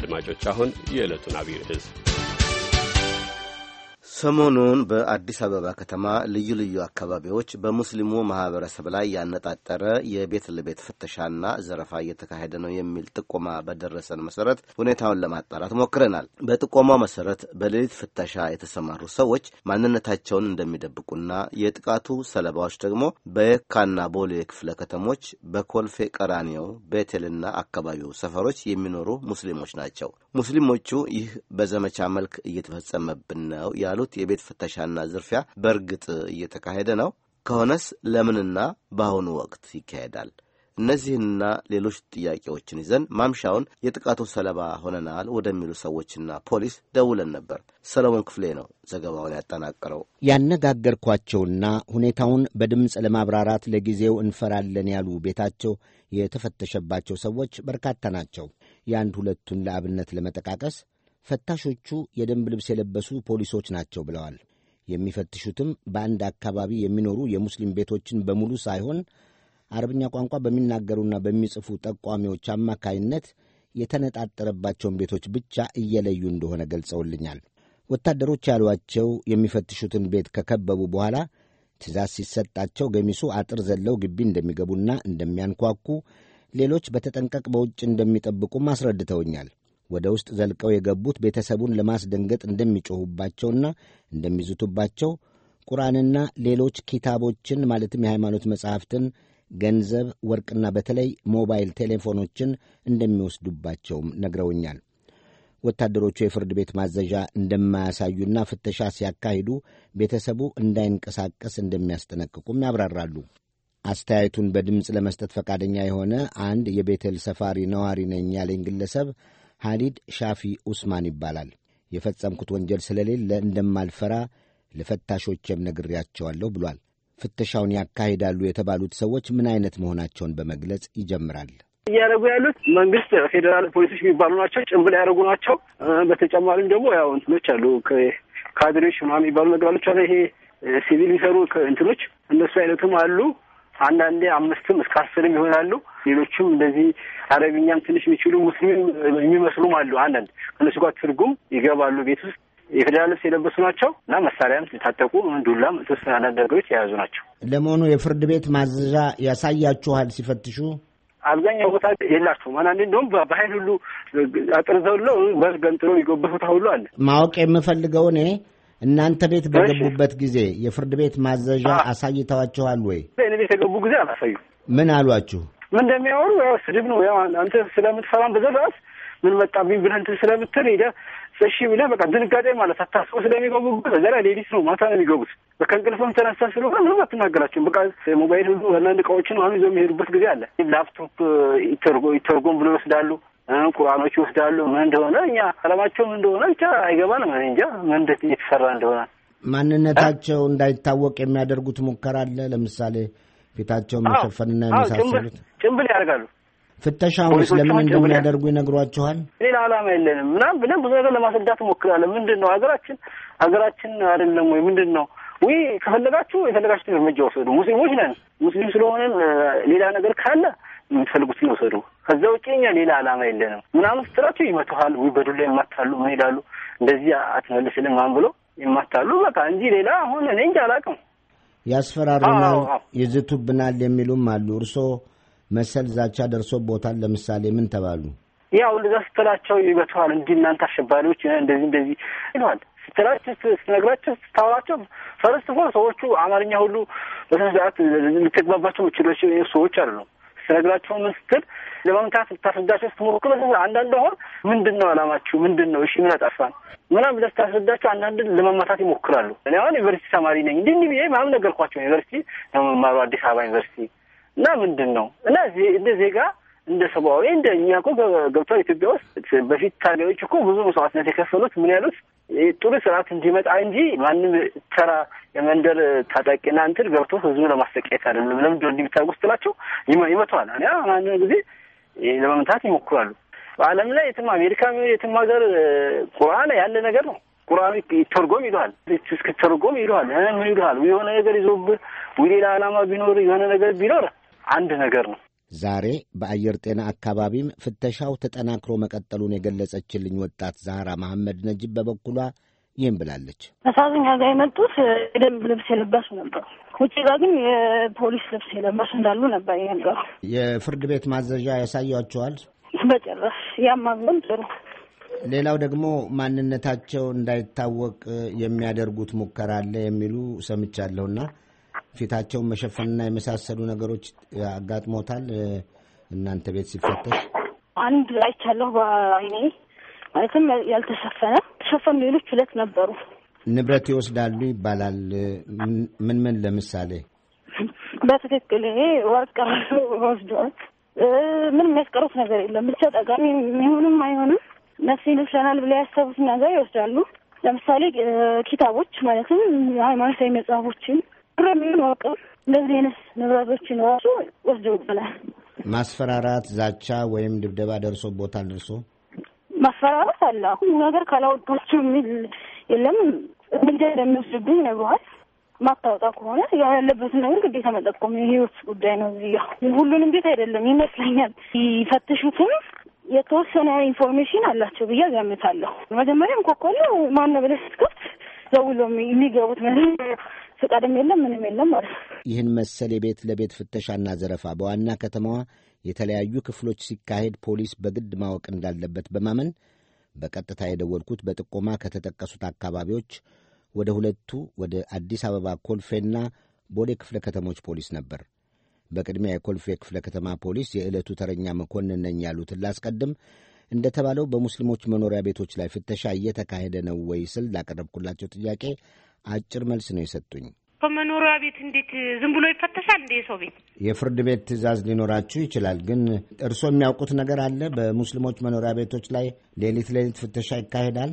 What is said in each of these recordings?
አድማጮች አሁን የዕለቱን አብይ ርዕስ ሰሞኑን በአዲስ አበባ ከተማ ልዩ ልዩ አካባቢዎች በሙስሊሙ ማህበረሰብ ላይ ያነጣጠረ የቤት ለቤት ፍተሻና ዘረፋ እየተካሄደ ነው የሚል ጥቆማ በደረሰን መሰረት ሁኔታውን ለማጣራት ሞክረናል። በጥቆማው መሰረት በሌሊት ፍተሻ የተሰማሩ ሰዎች ማንነታቸውን እንደሚደብቁና የጥቃቱ ሰለባዎች ደግሞ በየካና ቦሌ ክፍለ ከተሞች በኮልፌ ቀራኒዮ፣ ቤቴልና አካባቢው ሰፈሮች የሚኖሩ ሙስሊሞች ናቸው። ሙስሊሞቹ ይህ በዘመቻ መልክ እየተፈጸመብን ነው ያሉ ያደረጉት የቤት ፍተሻና ዝርፊያ በእርግጥ እየተካሄደ ነው? ከሆነስ ለምንና በአሁኑ ወቅት ይካሄዳል? እነዚህንና ሌሎች ጥያቄዎችን ይዘን ማምሻውን የጥቃቱ ሰለባ ሆነናል ወደሚሉ ሰዎችና ፖሊስ ደውለን ነበር። ሰለሞን ክፍሌ ነው ዘገባውን ያጠናቀረው። ያነጋገርኳቸውና ሁኔታውን በድምፅ ለማብራራት ለጊዜው እንፈራለን ያሉ ቤታቸው የተፈተሸባቸው ሰዎች በርካታ ናቸው። የአንድ ሁለቱን ለአብነት ለመጠቃቀስ ፈታሾቹ የደንብ ልብስ የለበሱ ፖሊሶች ናቸው ብለዋል። የሚፈትሹትም በአንድ አካባቢ የሚኖሩ የሙስሊም ቤቶችን በሙሉ ሳይሆን አረብኛ ቋንቋ በሚናገሩና በሚጽፉ ጠቋሚዎች አማካይነት የተነጣጠረባቸውን ቤቶች ብቻ እየለዩ እንደሆነ ገልጸውልኛል። ወታደሮች ያሏቸው የሚፈትሹትን ቤት ከከበቡ በኋላ ትእዛዝ ሲሰጣቸው ገሚሱ አጥር ዘለው ግቢ እንደሚገቡና እንደሚያንኳኩ ሌሎች በተጠንቀቅ በውጭ እንደሚጠብቁም አስረድተውኛል። ወደ ውስጥ ዘልቀው የገቡት ቤተሰቡን ለማስደንገጥ እንደሚጮኹባቸውና እንደሚዝቱባቸው ቁርአንና ሌሎች ኪታቦችን ማለትም የሃይማኖት መጻሕፍትን፣ ገንዘብ፣ ወርቅና በተለይ ሞባይል ቴሌፎኖችን እንደሚወስዱባቸውም ነግረውኛል። ወታደሮቹ የፍርድ ቤት ማዘዣ እንደማያሳዩና ፍተሻ ሲያካሂዱ ቤተሰቡ እንዳይንቀሳቀስ እንደሚያስጠነቅቁም ያብራራሉ። አስተያየቱን በድምፅ ለመስጠት ፈቃደኛ የሆነ አንድ የቤቴል ሰፋሪ ነዋሪ ነኝ ያለኝ ግለሰብ ሐዲድ ሻፊ ኡስማን ይባላል። የፈጸምኩት ወንጀል ስለሌለ እንደማልፈራ ለፈታሾቼም ነግሬያቸዋለሁ ብሏል። ፍተሻውን ያካሂዳሉ የተባሉት ሰዎች ምን አይነት መሆናቸውን በመግለጽ ይጀምራል። እያደረጉ ያሉት መንግስት ፌዴራል ፖሊሶች የሚባሉ ናቸው። ጭንብል ያደረጉ ናቸው። በተጨማሪም ደግሞ ያው እንትኖች አሉ ካድሬዎች ምናምን የሚባሉ ነገር አለ። ይሄ ሲቪል የሚሰሩ እንትኖች እነሱ አይነቱም አሉ። አንዳንዴ አምስትም እስከ አስርም ይሆናሉ። ሌሎችም እንደዚህ አረብኛም ትንሽ የሚችሉ ሙስሊም የሚመስሉም አሉ። አንዳንድ ከነሱ ጋር ትርጉም ይገባሉ ቤት ውስጥ የፌዴራል ልብስ የለበሱ ናቸው እና መሳሪያም የታጠቁ ዱላም የተወሰነ አንዳንድ ነገሮች የያዙ ናቸው። ለመሆኑ የፍርድ ቤት ማዘዣ ያሳያችኋል ሲፈትሹ? አብዛኛው ቦታ የላቸውም። አንዳንዴ እንደውም በኃይል ሁሉ አጥርዘውለው በር ገንጥሎ የሚገቡበት ቦታ ሁሉ አለ። ማወቅ የምፈልገው እኔ እናንተ ቤት በገቡበት ጊዜ የፍርድ ቤት ማዘዣ አሳይተዋችኋል ወይ? እኔ ቤት የገቡ ጊዜ አላሳዩ። ምን አሏችሁ? ምን እንደሚያወሩ ያው ስድብ ነው። ያው አንተ ስለምትፈራን በዘላት ምን መጣብኝ ብለህ እንትን ስለምትል ሄደ እሺ ብለህ በቃ ድንጋጤ ማለት አታስቦ ስለሚገቡበት በዛ ላይ ሌሊት ነው፣ ማታ ነው የሚገቡት። ከእንቅልፍም ተነሳ ስለሆነ ምንም አትናገራቸውም። በቃ ሞባይል ሁሉ አንዳንድ እቃዎችን አሁን ይዘው የሚሄዱበት ጊዜ አለ። ላፕቶፕ ይተርጎም ብሎ ይወስዳሉ። ቁርአኖች ይወስዳሉ። ምን እንደሆነ እኛ አለማቸው ምን እንደሆነ ብቻ አይገባንም። እንጃ ምን እየተሰራ እንደሆነ ማንነታቸው እንዳይታወቅ የሚያደርጉት ሙከራ አለ። ለምሳሌ ፊታቸው መሸፈንና የመሳሰሉት ጭንብል ያደርጋሉ። ፍተሻውንስ ለምን እንደሚያደርጉ ይነግሯችኋል። ሌላ ዓላማ የለንም ምናምን ብለን ብዙ ነገር ለማስረዳት እሞክራለሁ። ምንድን ነው ሀገራችን ሀገራችን አይደለም ወይ ምንድን ነው ወይ? ከፈለጋችሁ የፈለጋችሁትን እርምጃ ወሰዱ። ሙስሊሞች ነን። ሙስሊም ስለሆነን ሌላ ነገር ካለ የሚፈልጉት ይወሰዱ። ከዛ ውጭ እኛ ሌላ ዓላማ የለንም ምናምን ስትላቸው ይመቱሃል፣ ወይ በዱላ ይማታሉ። ምን ይላሉ እንደዚህ አትመልስልን ማን ብሎ ይማታሉ። በቃ እንጂ ሌላ አሁን እኔ እንጂ አላውቅም። ያስፈራሩናል፣ ይዝቱብናል የሚሉም አሉ። እርስዎ መሰል ዛቻ ደርሶ ቦታን ለምሳሌ ምን ተባሉ? ያው ልዛ ስትላቸው ይመቱሃል። እንዲህ እናንተ አሸባሪዎች እንደዚህ እንደዚህ ይለዋል ስትላቸው ስትነግራቸው ስታወራቸው ፈረስት ሆ ሰዎቹ አማርኛ ሁሉ በስነ ስርዓት ልትግባባቸው ምችሎች ሰዎች አይደሉም። ስነግራቸውን ምስክር ስትል ለመምታት ልታስረዳቸው ስትሞክር አንዳንድ አሁን ምንድን ነው አላማችሁ ምንድን ነው እሺ ምን አጠፋን ምናም ብለህ ስታስረዳቸው አንዳንድ ለመማታት ይሞክራሉ። እኔ አሁን ዩኒቨርሲቲ ተማሪ ነኝ እንዲህ እንዲህ ብዬ ምናምን ነገርኳቸው። ዩኒቨርሲቲ ለመማሩ አዲስ አበባ ዩኒቨርሲቲ እና ምንድን ነው እና እንደ ዜጋ እንደ ሰብአዊ እንደ እኛ እኮ ገብቷል ኢትዮጵያ ውስጥ በፊት ታጋዮች እኮ ብዙ መስዋዕትነት የከፈሉት ምን ያሉት ጥሩ ስርዓት እንዲመጣ እንጂ ማንም ተራ የመንደር ታጣቂና እንትን ገብቶ ህዝቡ ለማሰቃየት አይደለም። ለምንድ እንዲሚታወቅ ውስጥ ናቸው ይመተዋል። ያ ማንም ጊዜ ለመምታት ይሞክራሉ። በዓለም ላይ የትም አሜሪካ የትም ሀገር ቁርአን ያለ ነገር ነው። ቁርአኑ ይተርጎም ይለዋል። እስክተርጎም ይለዋል። ምን ይለዋል? የሆነ ነገር ይዞብህ ወይ ሌላ ዓላማ ቢኖር የሆነ ነገር ቢኖር አንድ ነገር ነው። ዛሬ በአየር ጤና አካባቢም ፍተሻው ተጠናክሮ መቀጠሉን የገለጸችልኝ ወጣት ዛህራ መሐመድ ነጅብ በበኩሏ ይህም ብላለች። መሳዝኛ ጋር የመጡት የደንብ ልብስ የለበሱ ነበር ውጭ ጋር ግን የፖሊስ ልብስ የለበሱ እንዳሉ ነበር የነገሩ። የፍርድ ቤት ማዘዣ ያሳያቸዋል። በጨረስ ያማግን ጥሩ። ሌላው ደግሞ ማንነታቸው እንዳይታወቅ የሚያደርጉት ሙከራ አለ የሚሉ ሰምቻለሁና ፊታቸውን መሸፈንና የመሳሰሉ ነገሮች አጋጥሞታል። እናንተ ቤት ሲፈተሽ አንድ አይቻለሁ በአይኔ ማለትም ያልተሸፈነ ተሸፈኑ ሌሎች ሁለት ነበሩ። ንብረት ይወስዳሉ ይባላል። ምን ምን ለምሳሌ በትክክል ይሄ ወርቅ ወስዷል። ምን የሚያስቀሩት ነገር የለም። ብቻ ጠቃሚ የሚሆንም አይሆንም ነፍስ ይመስለናል ብለው ያሰቡት ነገር ይወስዳሉ። ለምሳሌ ኪታቦች ማለትም ሃይማኖታዊ መጽሐፎችን በምናውቀው እንደዚህ አይነት ንብረቶችን ራሱ ወስደውብናል። ማስፈራራት፣ ዛቻ ወይም ድብደባ ደርሶ ቦታ ደርሶ ማስፈራራት አለ። አሁን ነገር ካላወጣችሁ የሚል የለም። እርምጃ እንደሚወስዱብኝ ነግሯል። ማታወጣ ከሆነ ያለበትን ነገር ግዴታ መጠቆም የህይወት ጉዳይ ነው። እዚህ ያው ሁሉንም ቤት አይደለም ይመስለኛል ይፈትሹትም የተወሰነ ኢንፎርሜሽን አላቸው ብዬ ገምታለሁ። መጀመሪያም ኮኮሎ ማነው ብለህ ስትከፍት ዘውሎ የሚገቡት መ ፍቃድም የለም ምንም የለም ማለት ነው። ይህን መሰል የቤት ለቤት ፍተሻና ዘረፋ በዋና ከተማዋ የተለያዩ ክፍሎች ሲካሄድ ፖሊስ በግድ ማወቅ እንዳለበት በማመን በቀጥታ የደወልኩት በጥቆማ ከተጠቀሱት አካባቢዎች ወደ ሁለቱ ወደ አዲስ አበባ ኮልፌና ቦሌ ክፍለ ከተሞች ፖሊስ ነበር። በቅድሚያ የኮልፌ ክፍለ ከተማ ፖሊስ የዕለቱ ተረኛ መኮንን ነኝ ያሉትን ላስቀድም። እንደተባለው በሙስሊሞች መኖሪያ ቤቶች ላይ ፍተሻ እየተካሄደ ነው ወይ ስል ላቀረብኩላቸው ጥያቄ አጭር መልስ ነው የሰጡኝ። ከመኖሪያ ቤት እንዴት ዝም ብሎ ይፈተሻል? እንደ የሰው ቤት የፍርድ ቤት ትዕዛዝ ሊኖራችሁ ይችላል። ግን እርስዎ የሚያውቁት ነገር አለ? በሙስሊሞች መኖሪያ ቤቶች ላይ ሌሊት ሌሊት ፍተሻ ይካሄዳል?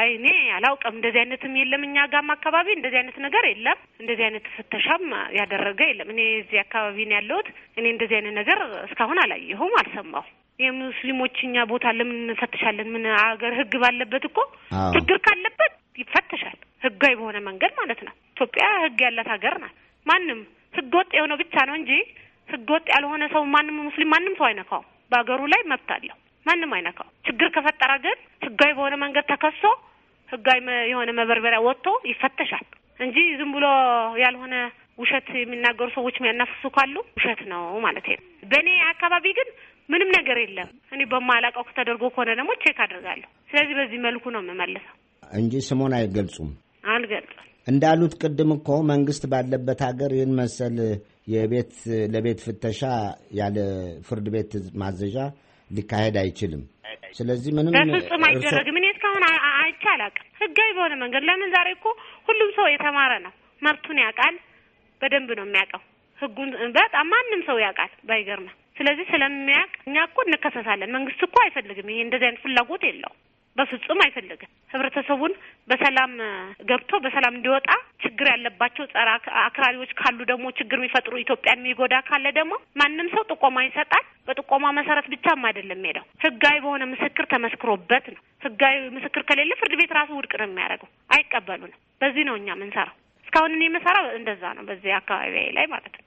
አይ እኔ አላውቅም። እንደዚህ አይነትም የለም። እኛ ጋም አካባቢ እንደዚህ አይነት ነገር የለም። እንደዚህ አይነት ፍተሻም ያደረገ የለም። እኔ እዚህ አካባቢ ነው ያለሁት። እኔ እንደዚህ አይነት ነገር እስካሁን አላየሁም፣ አልሰማሁ የሙስሊሞችኛ ቦታ ለምን እንፈትሻለን? ምን አገር ህግ ባለበት እኮ ችግር ካለበት ይፈተሻል። ህጋዊ በሆነ መንገድ ማለት ነው። ኢትዮጵያ ህግ ያላት ሀገር ናት። ማንም ህገ ወጥ የሆነ ብቻ ነው እንጂ ህገ ወጥ ያልሆነ ሰው ማንም ሙስሊም ማንም ሰው አይነካው በሀገሩ ላይ መብት አለው። ማንም አይነካው። ችግር ከፈጠረ ግን ህጋዊ በሆነ መንገድ ተከሶ ህጋዊ የሆነ መበርበሪያ ወጥቶ ይፈተሻል እንጂ ዝም ብሎ ያልሆነ ውሸት የሚናገሩ ሰዎች የሚያናፍሱ ካሉ ውሸት ነው ማለት ነው። በእኔ አካባቢ ግን ምንም ነገር የለም። እኔ በማላውቀው ተደርጎ ከሆነ ደግሞ ቼክ አድርጋለሁ። ስለዚህ በዚህ መልኩ ነው የምመልሰው እንጂ ስሙን አይገልጹም አልገልጽም። እንዳሉት ቅድም እኮ መንግስት ባለበት ሀገር ይህን መሰል የቤት ለቤት ፍተሻ ያለ ፍርድ ቤት ማዘዣ ሊካሄድ አይችልም። ስለዚህ ምንም በፍጹም አይደረግም። እኔ እስካሁን አይቼ አላውቅም። ህጋዊ በሆነ መንገድ ለምን ዛሬ እኮ ሁሉም ሰው የተማረ ነው፣ መብቱን ያውቃል፣ በደንብ ነው የሚያውቀው ህጉን በጣም ማንም ሰው ያውቃል። ባይገርምም ስለዚህ ስለሚያውቅ እኛ እኮ እንከሰሳለን። መንግስት እኮ አይፈልግም። ይሄ እንደዚህ አይነት ፍላጎት የለው በፍጹም አይፈልግም። ህብረተሰቡን በሰላም ገብቶ በሰላም እንዲወጣ ችግር ያለባቸው ጸረ አክራሪዎች ካሉ ደግሞ ችግር የሚፈጥሩ ኢትዮጵያ የሚጎዳ ካለ ደግሞ ማንም ሰው ጥቆማ ይሰጣል። በጥቆማ መሰረት ብቻም አይደለም ሄደው ህጋዊ በሆነ ምስክር ተመስክሮበት ነው። ህጋዊ ምስክር ከሌለ ፍርድ ቤት ራሱ ውድቅ ነው የሚያደርገው። አይቀበሉንም። በዚህ ነው እኛ ምንሰራው። እስካሁን እኔ የምሰራው እንደዛ ነው። በዚህ አካባቢ ላይ ማለት ነው።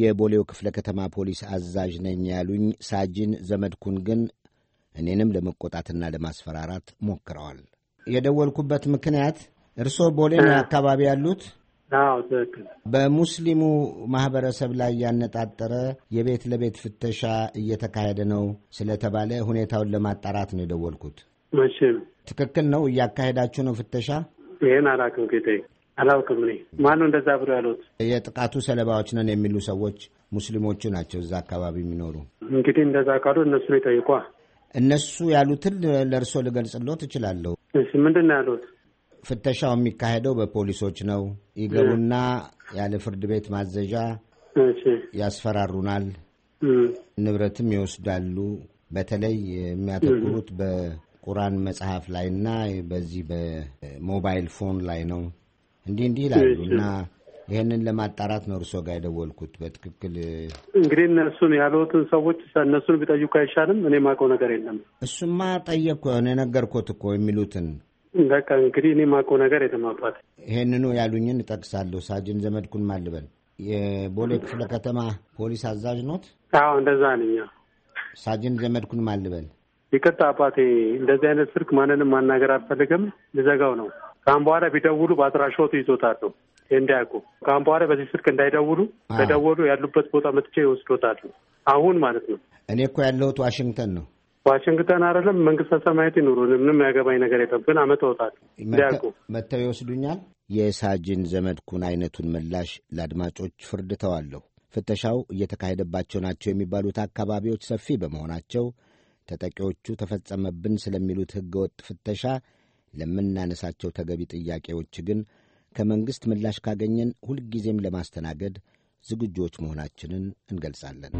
የቦሌው ክፍለ ከተማ ፖሊስ አዛዥ ነኝ ያሉኝ ሳጅን ዘመድኩን ግን እኔንም ለመቆጣትና ለማስፈራራት ሞክረዋል። የደወልኩበት ምክንያት እርስዎ ቦሌ አካባቢ ያሉት? አዎ ትክክል። በሙስሊሙ ማህበረሰብ ላይ ያነጣጠረ የቤት ለቤት ፍተሻ እየተካሄደ ነው ስለተባለ ሁኔታውን ለማጣራት ነው የደወልኩት። መቼም ትክክል ነው። እያካሄዳችሁ ነው ፍተሻ? ይህን አላውቅም አላውቅም። እኔ ማነው እንደዛ ብሎ ያሉት? የጥቃቱ ሰለባዎች ነን የሚሉ ሰዎች ሙስሊሞቹ ናቸው እዛ አካባቢ የሚኖሩ። እንግዲህ እንደዛ ካሉ እነሱ ነው ይጠይቋ። እነሱ ያሉትን ለእርሶ ልገልጽሎት ትችላለሁ። እሺ፣ ምንድን ነው ያሉት? ፍተሻው የሚካሄደው በፖሊሶች ነው። ይገቡና ያለ ፍርድ ቤት ማዘዣ ያስፈራሩናል፣ ንብረትም ይወስዳሉ። በተለይ የሚያተኩሩት በቁርአን መጽሐፍ ላይ እና በዚህ በሞባይል ፎን ላይ ነው። እንዲህ እንዲህ ይላሉ እና ይህንን ለማጣራት ነው እርሶ ጋር የደወልኩት። በትክክል እንግዲህ እነሱን ያሉትን ሰዎች እነሱን ቢጠይቁ አይሻልም? እኔ ማውቀው ነገር የለም። እሱማ ጠየቅኩ የሆነ ነገርኩት እኮ የሚሉትን በቃ እንግዲህ እኔ ማውቀው ነገር የለም አባት። ይህንኑ ያሉኝን እጠቅሳለሁ። ሳጅን ዘመድኩን ማልበል የቦሌ ክፍለ ከተማ ፖሊስ አዛዥ ኖት? አዎ እንደዛ ነኝ። ሳጅን ዘመድኩን ማልበል። ይቅርታ አባቴ፣ እንደዚህ አይነት ስልክ ማንንም ማናገር አልፈልግም። ልዘጋው ነው ከአሁን በኋላ ቢደውሉ በአድራሾቱ ይዞታሉ እንዳያውቁ። ከአሁን በኋላ በዚህ ስልክ እንዳይደውሉ፣ ከደወሉ ያሉበት ቦታ መጥቼ ይወስዶታሉ። አሁን ማለት ነው። እኔ እኮ ያለሁት ዋሽንግተን ነው። ዋሽንግተን አይደለም መንግስተ ሰማያት ይኑሩ። ምንም ያገባኝ ነገር የለም፣ ግን አመጣዎታለሁ እንዳያውቁ። መጥተው ይወስዱኛል። የሳጅን ዘመድኩን አይነቱን ምላሽ ለአድማጮች ፍርድ ተዋለሁ። ፍተሻው እየተካሄደባቸው ናቸው የሚባሉት አካባቢዎች ሰፊ በመሆናቸው ተጠቂዎቹ ተፈጸመብን ስለሚሉት ህገወጥ ወጥ ፍተሻ ለምናነሳቸው ተገቢ ጥያቄዎች ግን ከመንግሥት ምላሽ ካገኘን ሁልጊዜም ለማስተናገድ ዝግጆች መሆናችንን እንገልጻለን።